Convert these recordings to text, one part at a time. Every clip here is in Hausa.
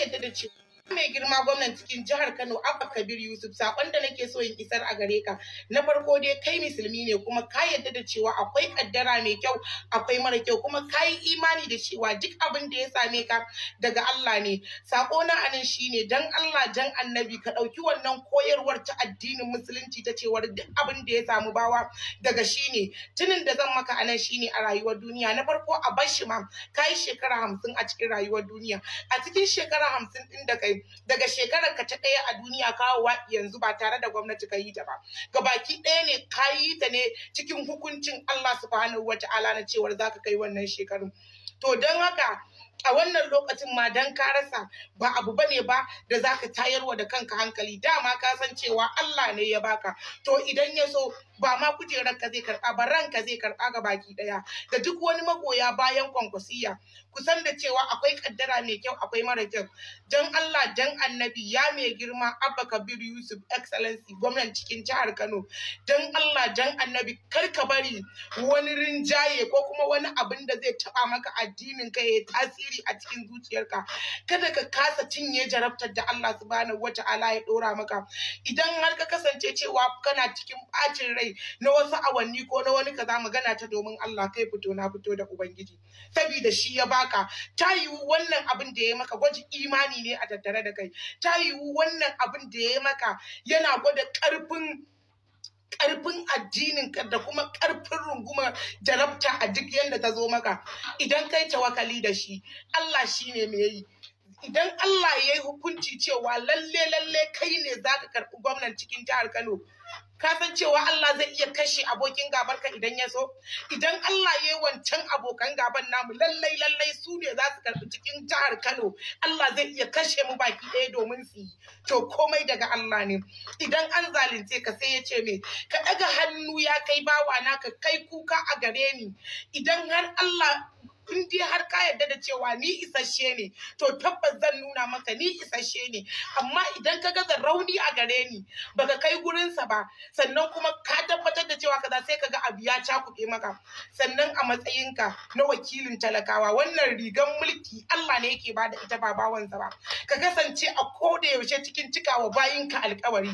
yadda da cewa mai girma gwamnan cikin jihar Kano Abba Kabir Yusuf sakon da nake so in isar a gare ka na farko dai kai musulmi ne kuma ka yadda da cewa akwai kaddara mai kyau akwai mara kyau kuma ka yi imani da cewa duk abin da ya same ka daga Allah ne sako na anan shine dan Allah dan annabi ka dauki wannan koyarwar ta addinin musulunci ta cewa duk abin da ya samu bawa daga shine tunin da zan maka anan shine a rayuwar duniya na farko a bar shi ma kai shekara hamsin a cikin rayuwar duniya a cikin shekara hamsin din da kai daga shekarar ka ta ɗaya a duniya kawowa yanzu ba tare da gwamnati ka yi ta ba gabaki ɗaya ne ka yi ta ne cikin hukuncin Allah subhanahu wa ta'ala na cewar zaka kai wannan shekarun to don haka a wannan lokacin ma dan ka rasa ba abu bane ba da zaka tayarwa da kanka hankali dama ka san cewa Allah ne ya baka to idan ya so ba ma kujerar ka zai karɓa ba ka zai karɓa ga baki ɗaya da duk wani magoya bayan kwankwasiya kusan da cewa akwai kaddara mai kyau akwai mara kyau dan Allah dan annabi ya mai girma Abba Kabir Yusuf excellency gwamnan cikin jihar Kano dan Allah dan annabi kar ka bari wani rinjaye ko kuma wani abin da zai taɓa maka addinin ka ya tasiri tasiri a cikin zuciyarka kada ka kasa cinye jarabtar da Allah subhanahu wata'ala ya dora maka idan har ka kasance cewa kana cikin bacin rai na wasu awanni ko na wani kaza magana ta domin Allah kai fito na fito da ubangiji saboda shi ya baka ta yiwu wannan abin da ya maka gwaji imani ne a tattare da kai ta yiwu wannan abin da ya maka yana gwada karfin karfin addininka da kuma karfin runguma jarabta a duk yadda ta zo maka idan kai tawakali da shi Allah shi ne mai yi idan Allah ya yi hukunci cewa lalle lalle kai ne za ka karɓi gwamnan cikin jihar Kano ka san cewa Allah zai iya kashe abokin gabarka idan ya so idan Allah ya yi wancan abokan gaban namu lallai lallai su ne za su karɓi cikin jihar Kano Allah zai iya kashe mu baki ɗaya domin su to komai daga Allah ne idan an zalunce ka sai ya ce me ka ɗaga hannu ya kai bawa na ka kai kuka a gare ni idan har Allah in dai har ka yarda da cewa ni isasshe ne to tabbas zan nuna maka ni isasshe ne amma idan ka gaza rauni a gare ni baka kai gurinsa ba sannan kuma ka tabbatar da cewa kaza sai kaga abu ya cakuɗe maka sannan a matsayinka na wakilin talakawa wannan rigan mulki Allah ne yake bada ita ba bawansa ba ka kasance a koda yaushe cikin cikawa bayinka alkawari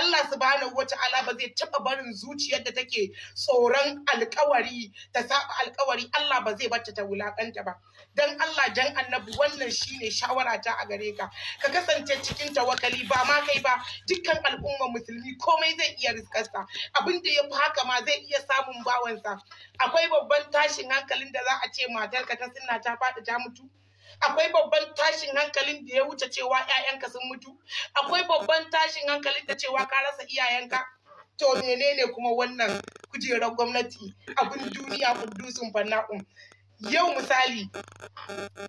Allah subhanahu wata'ala ba zai taba barin zuciyar da take tsoron alkawari ta saba alkawari Allah ba zai barta ta wuri wulakanta ba dan Allah dan annabi wannan shine shawara ta a gare ka ka kasance cikin tawakali ba ma kai ba dukkan al'umma musulmi komai zai iya riskarsa abin da ya fi haka ma zai iya samun bawansa akwai babban tashin hankalin da za a ce matarka ta sunna ta faɗi ta mutu akwai babban tashin hankalin da ya wuce cewa 'ya'yanka sun mutu akwai babban tashin hankalin da cewa ka rasa iyayenka to menene kuma wannan kujerar gwamnati abin duniya kudusun fanna'un yau misali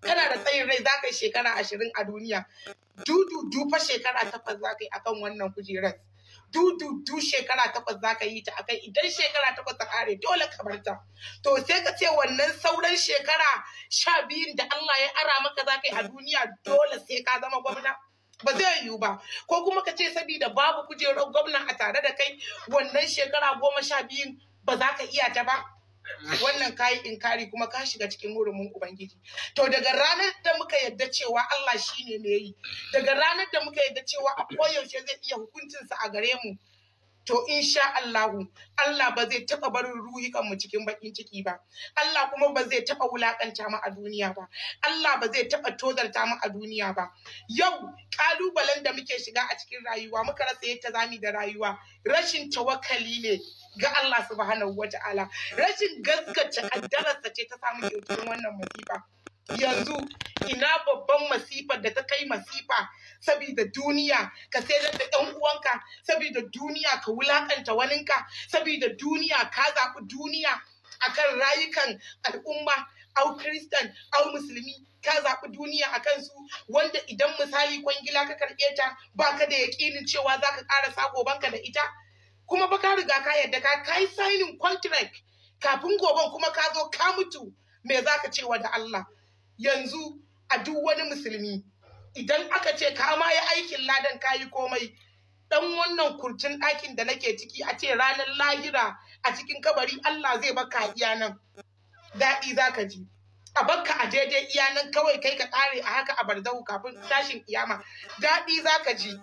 kana da tsayin rai za ka yi shekara ashirin a duniya dudu fa shekara takwas za ka yi akan wannan kujerar du shekara takwas za ka yi ta akai idan shekara takwas ta kare dole ka bar ta to sai ka ce wannan sauran shekara sha biyun da Allah ya ara maka za ka yi a duniya dole sai ka zama gwamna ba zai yiwu ba ko kuma ka ce sabida babu kujerar gwamna a tare da kai wannan shekara goma sha biyun ba za ka iya ta ba wannan kayi inkari kuma ka shiga cikin hurumin ubangiji to daga ranar da muka yadda cewa Allah shine ne yi daga ranar da muka yadda cewa a koyaushe zai iya hukuncinsa a gare mu to insha Allahu Allah ba zai taɓa barin ruhikan mu cikin bakin ciki ba Allah kuma ba zai taɓa wulakanta mu a duniya ba Allah ba zai taɓa tozarta mu a duniya ba yau kalubalen da muke shiga a cikin rayuwa muka rasa yadda zamu da rayuwa rashin tawakkali ne ga Allah subhanahu wata'ala rashin gaskace kaddararsa ce ta samu kyautar wannan masifa yanzu ina babban masifar da ta kai masifa Sabida duniya ka sayar da ɗan uwanka sabida duniya ka wulakanta waninka sabida duniya ka zaɓi duniya akan rayukan al'umma au kristan au musulmi ka zaɓi duniya a kansu wanda idan misali kwangila ka karɓe ta ba ka da yaƙinin cewa za ka ƙara sa gobanka da ita kuma ba ka riga ka yadda ka kai signing contract kafin goban kuma ka zo ka mutu me za ka cewa da Allah yanzu a duk wani musulmi idan aka ce ka ma yi aikin ladan ka yi komai dan wannan kurcin ɗakin da nake ciki a ce ranar lahira a cikin kabari Allah zai baka iya nan daɗi za ka ji a baka a daidai iya nan kawai kai ka ƙare a haka a barzahu kafin tashin iyama. daɗi za ka ji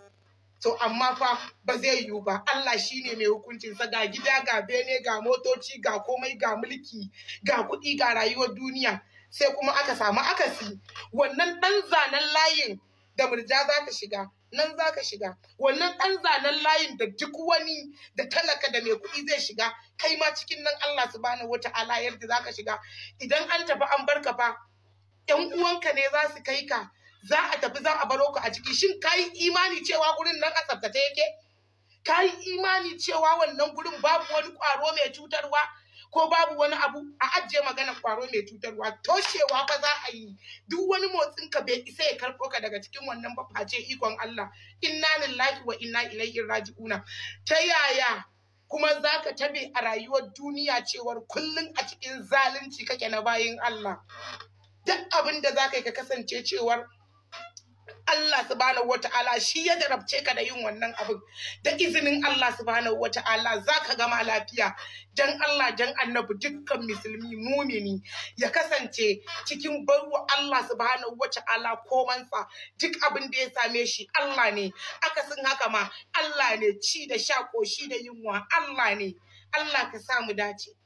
to amma fa ba zai yiwu ba Allah shine mai hukuncinsa ga gida ga bene ga motoci ga komai ga mulki ga kuɗi ga rayuwar duniya sai kuma aka samu akasi wannan ɗan zanen layin da murja za ta shiga nan za ka shiga wannan ɗan zanen layin da duk wani da talaka da mai kuɗi zai shiga kai ma cikin nan Allah subhanahu wata'ala yadda za ka shiga idan an tafi an barka fa 'Yan uwanka ne za su kai ka za a tafi za a baro ku a ciki shin ka yi imani cewa gurin nan a tsaftace yake ka imani cewa wannan gurin babu wani ƙwaro mai cutarwa ko babu wani abu a ajiye magana kwaro mai cutarwa toshewa fa za a yi duk wani motsin ka bai isa ya karɓo ka daga cikin wannan ba face ikon Allah inna lillahi wa inna ilaihi raji'una ta yaya kuma za ka tabe a rayuwar duniya cewar kullum a cikin zalunci kake na bayin Allah duk abinda da za ka kasance cewar Allah subhanahu wata'ala shi ya jarabce ka da yin wannan abin da izinin Allah subhanahu wata'ala za ka gama lafiya jan Allah jan annabi dukkan musulmi mumini ya kasance cikin barwa Allah subhanahu wata'ala komansa duk abin da ya same shi Allah ne aka akasin haka ma Allah ne ci da sha koshi da yunwa Allah ne Allah ka samu dace